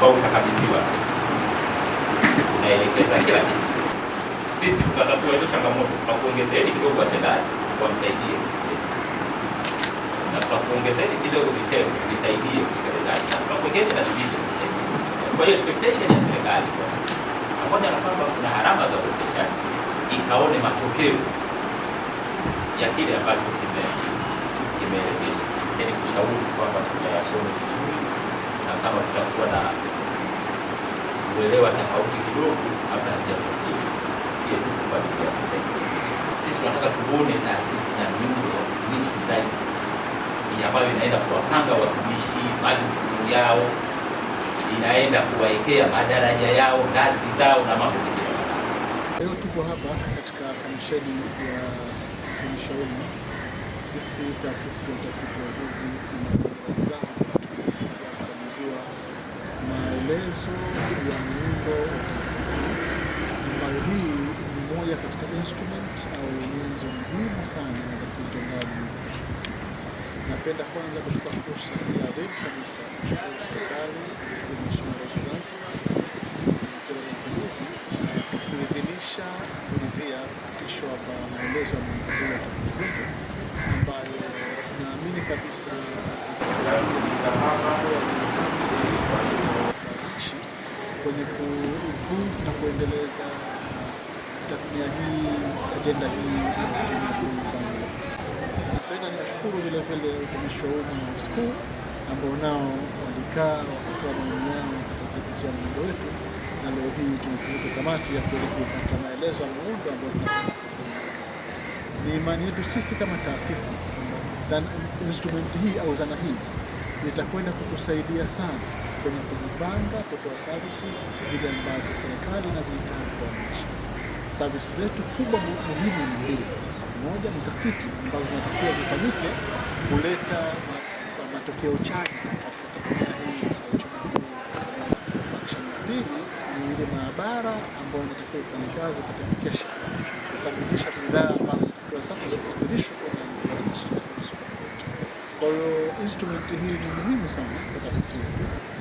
ambao utakabidhiwa unaelekeza kila kitu. Sisi tukatatua hizo changamoto, tunakuongezea kidogo watendaji wamsaidie, na tunakuongezea kidogo vitendo visaidie utekelezaji, na tunakuongezea na vitu visaidie. Kwa hiyo expectation ya serikali pamoja na kwamba kuna harama za uwezeshaji, ikaone matokeo ya kile ambacho kimeelekeza, ni yaani kushauri kwamba tunayasome vizuri na kama tutakuwa na kuelewa tofauti kidogo kabla hajafasiri, sio tu kwa ajili ya kusaidia. Sisi tunataka tuone taasisi na miundo ya utumishi zaidi ambayo inaenda kuwapanga watumishi majukumu yao, inaenda kuwaekea madaraja yao, ngazi zao na mambo mengine. Leo tuko hapa katika kamisheni ya utumishi wa umma, sisi taasisi ya utafiti wa uvuvi na mawasiliano mafunzo ya muundo wa taasisi ambayo hii ni moja katika instrument au nyenzo muhimu sana za kiutendaji wa taasisi. Napenda kwanza kuchukua fursa ya dhati kabisa kushukuru serikali, kushukuru Mheshimiwa Rais wa Zanzibar Dr. Mapinduzi kuidhinisha kuridhia kupitishwa kwa maelezo ya muundo huu wa taasisi ambayo tunaamini kabisa itasaidia kutoa zile services ni kuimprove na kuendeleza tathnia hii, ajenda hii ya uchumi wa buluu Zanzibar. Napenda niwashukuru vile vile utumishi wa umma wa skuu ambao nao walikaa wakatoa maoni yao katika kupitia muundo wetu, na leo hii tumepeleka kamati ya kuweza kupata maelezo ya muundo ambao tunapenda kuendeleza. Ni imani yetu sisi kama taasisi kwamba instrumenti hii au zana hii itakwenda kukusaidia sana kwenye kujipanga kutoa services zile ambazo serikali inazihitaji kwa wananchi. Services zetu kubwa muhimu ni mbili. Moja ni tafiti ambazo zinatakiwa zifanyike kuleta matokeo chanya katika tasnia hii ya uchumi pili ni ile maabara ambayo inatakiwa ifanye kazi certification, kukamilisha bidhaa ambazo zinatakiwa sasa zisafirishwe kwenye nchi. Kwa hiyo instrumenti hii ni muhimu sana kwa taasisi yetu.